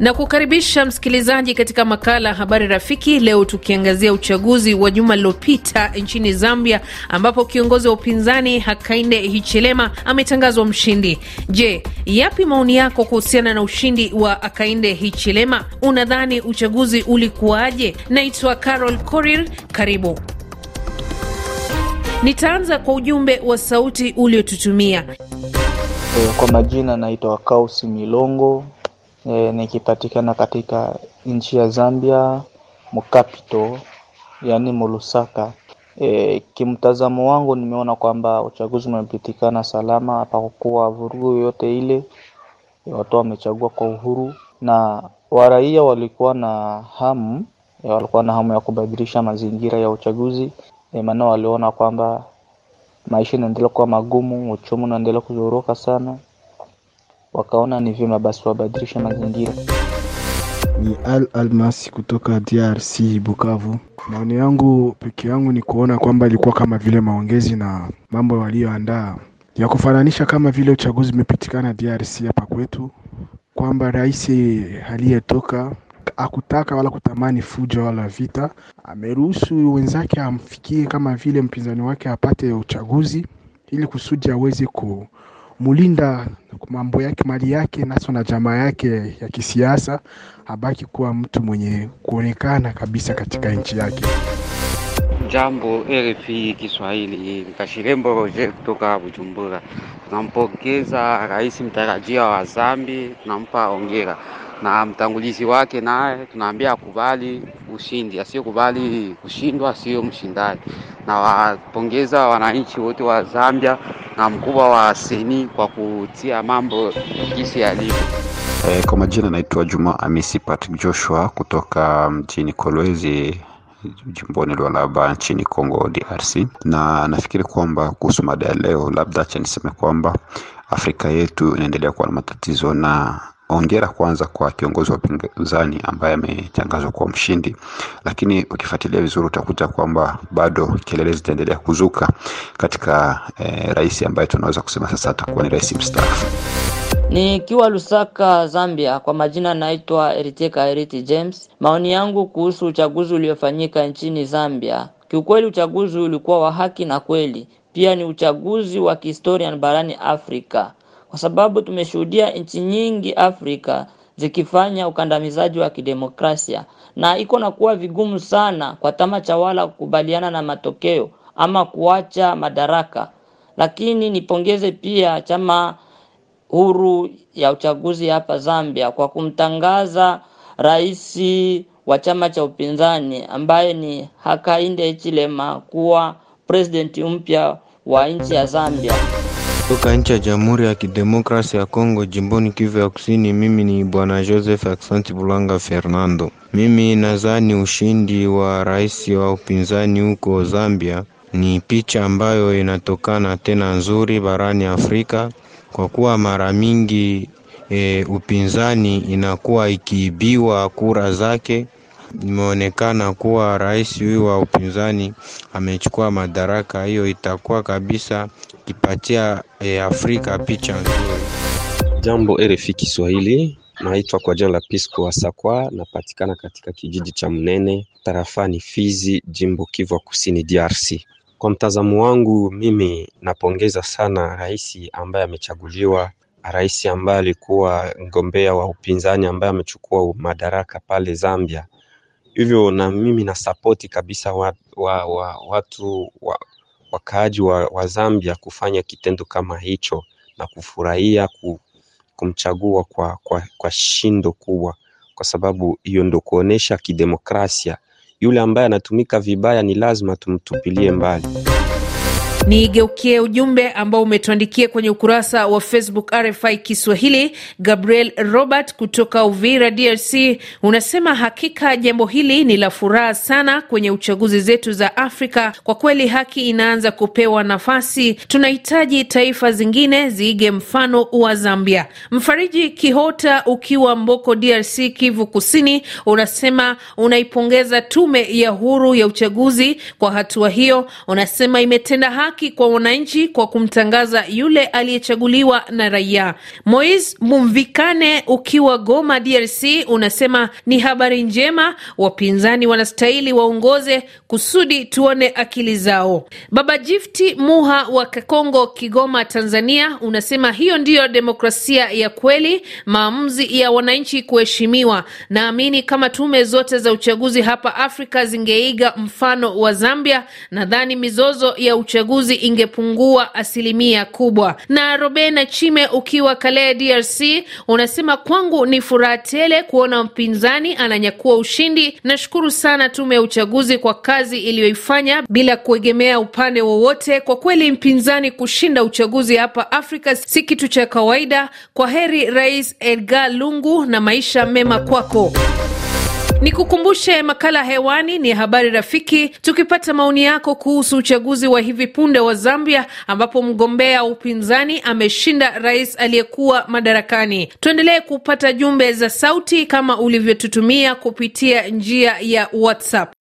na kukaribisha msikilizaji katika makala ya habari rafiki. Leo tukiangazia uchaguzi wa juma lililopita nchini Zambia, ambapo kiongozi wa upinzani Hakainde Hichilema ametangazwa mshindi. Je, yapi maoni yako kuhusiana na ushindi wa akainde Hichilema? Unadhani uchaguzi ulikuwaje? Naitwa Carol corir karibu. Nitaanza kwa ujumbe wa sauti uliotutumia. E, kwa majina naitwa Kausi Milongo e, nikipatikana katika nchi ya Zambia mkapito, yani Mulusaka. E, kimtazamo wangu nimeona kwamba uchaguzi umepitikana salama, hapakukuwa vurugu yoyote ile. E, watu wamechagua kwa uhuru na waraia walikuwa na hamu e, walikuwa na hamu ya kubadilisha mazingira ya uchaguzi e, maana waliona kwamba maisha inaendelea kuwa magumu, uchumi unaendelea kuzoroka sana, wakaona ni vyema basi wabadilisha mazingira. Ni Al Almasi kutoka DRC Bukavu. Maoni yangu peke yangu ni kuona kwamba ilikuwa kama vile maongezi na mambo waliyoandaa ya kufananisha kama vile uchaguzi umepitikana DRC hapa kwetu, kwamba rais aliyetoka hakutaka wala kutamani fujo wala vita. Ameruhusu wenzake amfikie kama vile mpinzani wake apate uchaguzi, ili kusudi aweze kumlinda mambo yake, mali yake, naso na jamaa yake ya kisiasa, abaki kuwa mtu mwenye kuonekana kabisa katika nchi yake. Jambo RFI Kiswahili, Kashirembo Roger kutoka Bujumbura. Tunampongeza rais mtarajia wa Zambi, tunampa ongera na mtangulizi wake naye tunaambia akubali ushindi, asiyokubali kushindwa sio mshindaji. Na wapongeza wananchi wote wa Zambia na mkubwa wa seni kwa kutia mambo jinsi yalivyo. Eh, kwa majina naitwa Juma Amisi Patrick Joshua kutoka mjini Kolwezi jimboni Lualaba nchini Kongo DRC, na nafikiri kwamba kuhusu mada ya leo, labda acha niseme kwamba Afrika yetu inaendelea kuwa na matatizo na Hongera kwanza kwa kiongozi wa upinzani ambaye ametangazwa kuwa mshindi, lakini ukifuatilia vizuri utakuta kwamba bado kelele zitaendelea kuzuka katika eh, rais ambaye tunaweza kusema sasa atakuwa ni rais mstaafu. Nikiwa Lusaka, Zambia, kwa majina naitwa eritekaeriti Eriti James. Maoni yangu kuhusu uchaguzi uliofanyika nchini Zambia, kiukweli uchaguzi ulikuwa wa haki na kweli, pia ni uchaguzi wa kihistoria barani Afrika kwa sababu tumeshuhudia nchi nyingi Afrika zikifanya ukandamizaji wa kidemokrasia na iko na kuwa vigumu sana kwa tama wala kukubaliana na matokeo ama kuacha madaraka. Lakini nipongeze pia chama huru ya uchaguzi hapa Zambia kwa kumtangaza rais wa chama cha upinzani ambaye ni Hakainde Hichilema kuwa president mpya wa nchi ya Zambia. Kutoka nchi ya Jamhuri ya Kidemokrasi ya Kongo, jimboni Kivu ya Kusini, mimi ni bwana Joseph Aksanti Bulanga Fernando. Mimi nadhani ushindi wa rais wa upinzani huko Zambia ni picha ambayo inatokana tena nzuri barani Afrika, kwa kuwa mara mingi e, upinzani inakuwa ikiibiwa kura zake imeonekana kuwa rais huyu wa upinzani amechukua madaraka, hiyo itakuwa kabisa kipatia e, Afrika picha nzuri. Jambo RFI Kiswahili, naitwa kwa jina la Pisco Asakwa, napatikana katika kijiji cha Mnene tarafani Fizi, jimbo Kivu Kusini, DRC. Kwa mtazamo wangu mimi napongeza sana rais ambaye amechaguliwa, rais ambaye alikuwa mgombea wa upinzani ambaye amechukua madaraka pale Zambia Hivyo na mimi na support kabisa wa, wa, wa, watu wa, wakaaji wa, wa Zambia kufanya kitendo kama hicho na kufurahia ku, kumchagua kwa, kwa, kwa shindo kubwa, kwa sababu hiyo ndo kuonesha kidemokrasia. Yule ambaye anatumika vibaya ni lazima tumtupilie mbali ni geukie ujumbe ambao umetuandikia kwenye ukurasa wa Facebook RFI Kiswahili. Gabriel Robert kutoka Uvira, DRC, unasema hakika jambo hili ni la furaha sana kwenye uchaguzi zetu za Afrika. Kwa kweli haki inaanza kupewa nafasi. Tunahitaji taifa zingine ziige mfano wa Zambia. Mfariji Kihota ukiwa Mboko, DRC, Kivu Kusini, unasema unaipongeza tume ya huru ya uchaguzi kwa hatua hiyo. Unasema imetenda haki haki kwa wananchi kwa kumtangaza yule aliyechaguliwa na raia. mois Mumvikane ukiwa Goma, DRC, unasema ni habari njema, wapinzani wanastahili waongoze kusudi tuone akili zao. Baba Jifti Muha wa Kakongo, Kigoma, Tanzania, unasema hiyo ndiyo demokrasia ya kweli, maamuzi ya wananchi kuheshimiwa. Naamini kama tume zote za uchaguzi hapa Afrika zingeiga mfano wa Zambia, nadhani mizozo ya uchaguzi uchaguzi ingepungua asilimia kubwa. Na Robena Chime ukiwa Kale DRC unasema kwangu ni furaha tele kuona mpinzani ananyakua ushindi. Nashukuru sana tume ya uchaguzi kwa kazi iliyoifanya bila kuegemea upande wowote. Kwa kweli mpinzani kushinda uchaguzi hapa Afrika si kitu cha kawaida. Kwa heri Rais Edgar Lungu na maisha mema kwako ni kukumbushe makala hewani ni habari rafiki, tukipata maoni yako kuhusu uchaguzi wa hivi punde wa Zambia ambapo mgombea upinzani ameshinda rais aliyekuwa madarakani. Tuendelee kupata jumbe za sauti kama ulivyotutumia kupitia njia ya WhatsApp.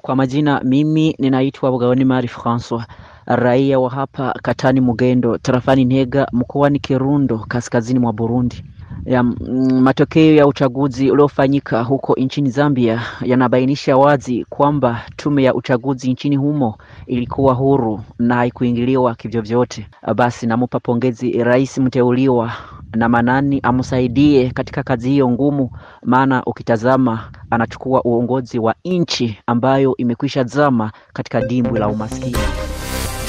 Kwa majina, mimi ninaitwa Bugaoni Mari Francois, raia wa hapa Katani Mugendo, tarafani Ntega, mkoani Kirundo, kaskazini mwa Burundi ya mm, matokeo ya uchaguzi uliofanyika huko nchini Zambia yanabainisha wazi kwamba tume ya uchaguzi nchini humo ilikuwa huru na haikuingiliwa kivyovyote. Basi namupa pongezi rais mteuliwa na Manani amsaidie katika kazi hiyo ngumu, maana ukitazama anachukua uongozi wa nchi ambayo imekwisha zama katika dimbwi la umaskini.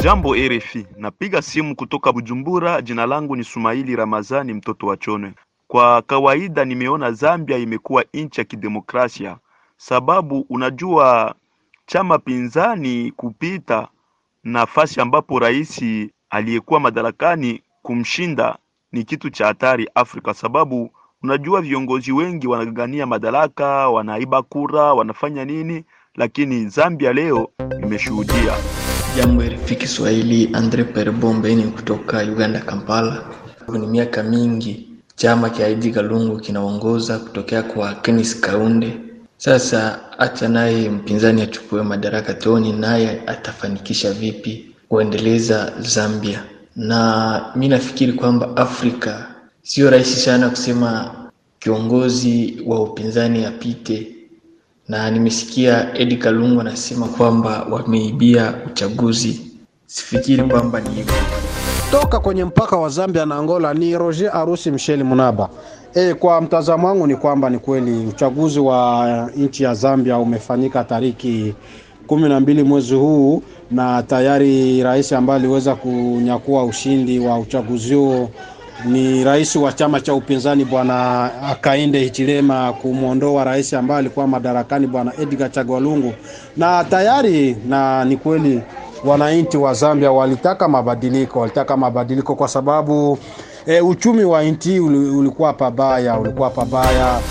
Jambo RFI, napiga simu kutoka Bujumbura. Jina langu ni Sumaili Ramazani mtoto wa Chone. Kwa kawaida nimeona Zambia imekuwa nchi ya kidemokrasia, sababu unajua chama pinzani kupita nafasi ambapo rais aliyekuwa madarakani kumshinda ni kitu cha hatari Afrika, sababu unajua viongozi wengi wanagangania madaraka, wanaiba kura, wanafanya nini, lakini Zambia leo imeshuhudia jambo. RFI Kiswahili, Andre Perebombe ni kutoka Uganda, Kampala. Ni miaka mingi Chama cha edi Kalungu kinaongoza kutokea kwa kenis Kaunde. Sasa hata naye mpinzani achukue madaraka, tuone naye atafanikisha vipi kuendeleza Zambia. Na mi nafikiri kwamba Afrika sio rahisi sana kusema kiongozi wa upinzani apite, na nimesikia Edi Kalungu anasema kwamba wameibia uchaguzi. Sifikiri kwamba ni hivyo kutoka kwenye mpaka wa Zambia na Angola ni Roger Arusi Michel Munaba. E, kwa mtazamo wangu ni kwamba ni kweli uchaguzi wa eh, nchi ya Zambia umefanyika tariki kumi na mbili mwezi huu na tayari rais ambaye aliweza kunyakua ushindi wa uchaguzi huo ni rais wa chama cha upinzani bwana Hakainde Hichilema kumwondoa rais ambaye alikuwa madarakani bwana Edgar chagwalungu na tayari na ni kweli wananchi wa Zambia walitaka mabadiliko, walitaka mabadiliko kwa sababu e, uchumi wa nchi ulikuwa pabaya, ulikuwa pabaya.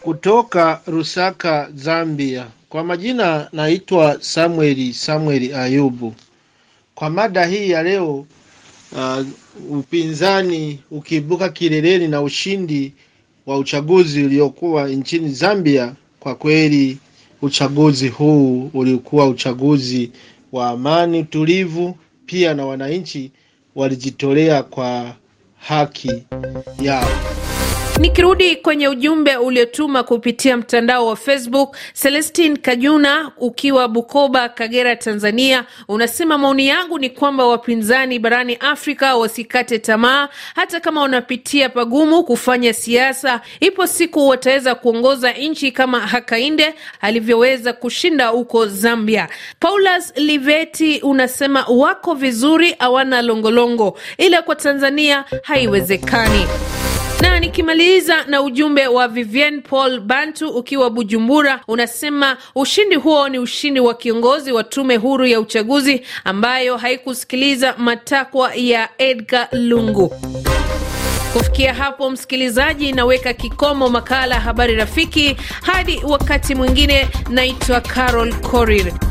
Kutoka rusaka Zambia, kwa majina naitwa Samuel Samueli Ayubu. Kwa mada hii ya leo uh, upinzani ukiibuka kileleni na ushindi wa uchaguzi uliokuwa nchini Zambia. Kwa kweli uchaguzi huu ulikuwa uchaguzi wa amani, utulivu pia na wananchi walijitolea kwa haki yao. Nikirudi kwenye ujumbe uliotuma kupitia mtandao wa Facebook, Celestin Kajuna ukiwa Bukoba, Kagera, Tanzania, unasema maoni yangu ni kwamba wapinzani barani Afrika wasikate tamaa, hata kama wanapitia pagumu kufanya siasa. Ipo siku wataweza kuongoza nchi kama Hakainde alivyoweza kushinda huko Zambia. Paulus Liveti unasema wako vizuri, hawana longolongo, ila kwa Tanzania haiwezekani. Na nikimaliza na ujumbe wa Vivien Paul Bantu ukiwa Bujumbura, unasema ushindi huo ni ushindi wa kiongozi wa tume huru ya uchaguzi ambayo haikusikiliza matakwa ya Edgar Lungu. Kufikia hapo, msikilizaji, naweka kikomo makala Habari Rafiki hadi wakati mwingine. Naitwa Carol Korir.